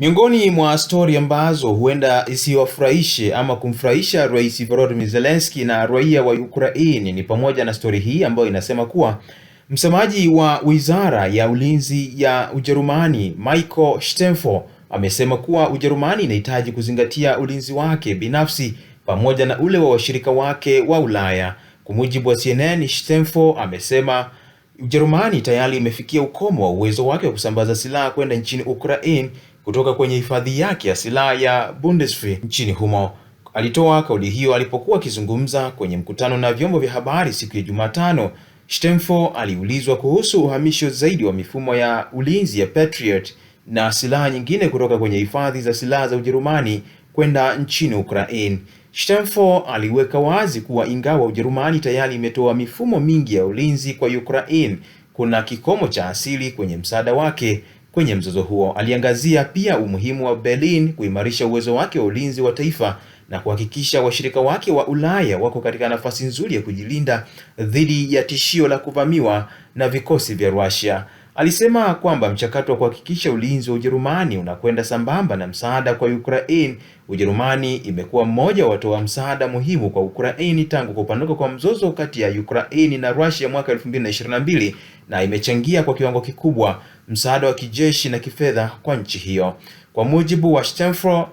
Miongoni mwa stori ambazo huenda isiwafurahishe ama kumfurahisha Rais Volodymyr Zelensky na raia wa Ukraini ni pamoja na stori hii ambayo inasema kuwa msemaji wa Wizara ya Ulinzi ya Ujerumani, Michael stenfo amesema kuwa Ujerumani inahitaji kuzingatia ulinzi wake binafsi pamoja na ule wa washirika wake wa Ulaya. Kwa mujibu wa CNN, Stenfo amesema Ujerumani tayari imefikia ukomo wa uwezo wake wa kusambaza silaha kwenda nchini Ukraine kutoka kwenye hifadhi yake ya silaha ya Bundeswehr nchini humo. Alitoa kauli hiyo alipokuwa akizungumza kwenye mkutano na vyombo vya habari siku ya Jumatano. Stemfor aliulizwa kuhusu uhamisho zaidi wa mifumo ya ulinzi ya Patriot na silaha nyingine kutoka kwenye hifadhi za silaha za Ujerumani kwenda nchini Ukraine. Steinmeier aliweka wazi kuwa ingawa Ujerumani tayari imetoa mifumo mingi ya ulinzi kwa Ukraine, kuna kikomo cha asili kwenye msaada wake kwenye mzozo huo. Aliangazia pia umuhimu wa Berlin kuimarisha uwezo wake wa ulinzi wa taifa na kuhakikisha washirika wake wa Ulaya wako katika nafasi nzuri ya kujilinda dhidi ya tishio la kuvamiwa na vikosi vya Russia. Alisema kwamba mchakato wa kuhakikisha ulinzi wa Ujerumani unakwenda sambamba na msaada kwa Ukraine. Ujerumani imekuwa mmoja wa watoa msaada muhimu kwa Ukraine tangu kupanuka kwa mzozo kati ya Ukraine na Russia mwaka 2022 na imechangia kwa kiwango kikubwa msaada wa kijeshi na kifedha kwa nchi hiyo. Kwa mujibu wa Stamford,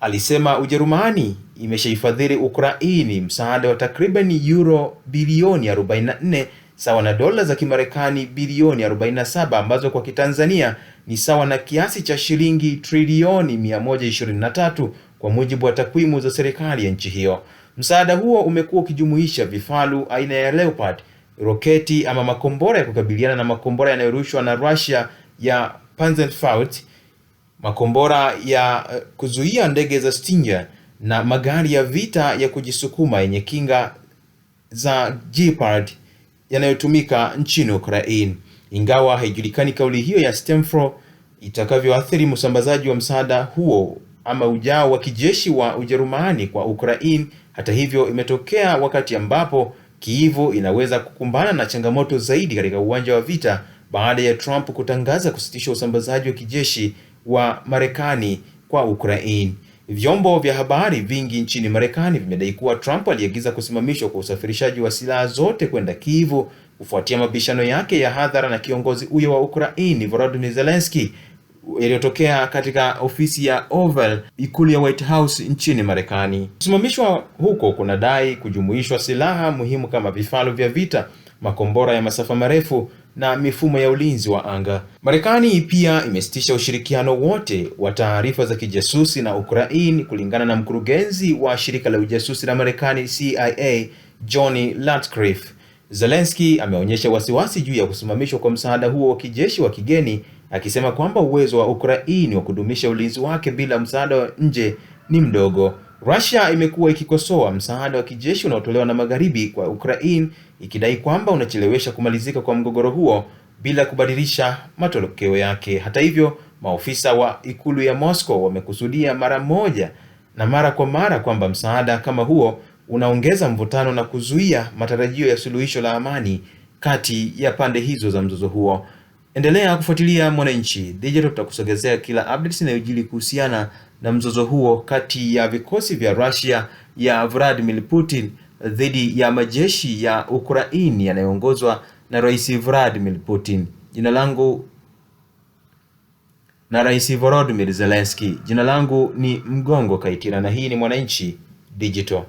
alisema Ujerumani imeshaifadhili Ukraini msaada wa takriban euro bilioni 44 sawa na dola za Kimarekani bilioni 47 ambazo kwa Kitanzania ni sawa na kiasi cha shilingi trilioni 123 kwa mujibu wa takwimu za serikali ya nchi hiyo. Msaada huo umekuwa ukijumuisha vifaru aina ya Leopard, roketi ama makombora ya kukabiliana na makombora yanayorushwa na Russia ya Panzerfaust, makombora ya eh, kuzuia ndege za Stinger na magari ya vita ya kujisukuma yenye kinga za Gepard yanayotumika nchini Ukraine, ingawa haijulikani kauli hiyo ya Stemfro itakavyoathiri msambazaji wa msaada huo ama ujao wa kijeshi wa Ujerumani kwa Ukraine. Hata hivyo, imetokea wakati ambapo Kiev inaweza kukumbana na changamoto zaidi katika uwanja wa vita baada ya Trump kutangaza kusitisha usambazaji wa kijeshi wa Marekani kwa Ukraine. Vyombo vya habari vingi nchini Marekani vimedai kuwa Trump aliagiza kusimamishwa kwa usafirishaji wa silaha zote kwenda Kivu kufuatia mabishano yake ya hadhara na kiongozi huyo wa Ukraini Volodymyr Zelensky yaliyotokea katika ofisi ya Oval, ikulu ya White House nchini Marekani. Kusimamishwa huko kunadai kujumuishwa silaha muhimu kama vifaru vya vita, makombora ya masafa marefu na mifumo ya ulinzi wa anga. Marekani pia imesitisha ushirikiano wote wa taarifa za kijasusi na Ukraine, kulingana na mkurugenzi wa shirika la ujasusi la Marekani CIA, Johnny Ratcliffe. Zelensky ameonyesha wasiwasi juu ya kusimamishwa kwa msaada huo wa kijeshi wa kigeni, akisema kwamba uwezo wa Ukraine wa kudumisha ulinzi wake bila msaada wa nje ni mdogo. Russia imekuwa ikikosoa msaada wa kijeshi unaotolewa na Magharibi kwa Ukraine ikidai kwamba unachelewesha kumalizika kwa mgogoro huo bila kubadilisha matokeo yake. Hata hivyo, maofisa wa ikulu ya Moscow wamekusudia mara moja na mara kwa mara kwamba msaada kama huo unaongeza mvutano na kuzuia matarajio ya suluhisho la amani kati ya pande hizo za mzozo huo. Endelea kufuatilia Mwananchi Digital, tutakusogezea kila updates inayojili kuhusiana na mzozo huo kati ya vikosi vya Russia ya Vladimir Putin dhidi ya majeshi ya Ukraini yanayoongozwa na Rais Vladimir Putin. Jina langu na Rais Volodymyr Zelensky. Jina langu ni Mgongo Kaitira na hii ni Mwananchi Digital.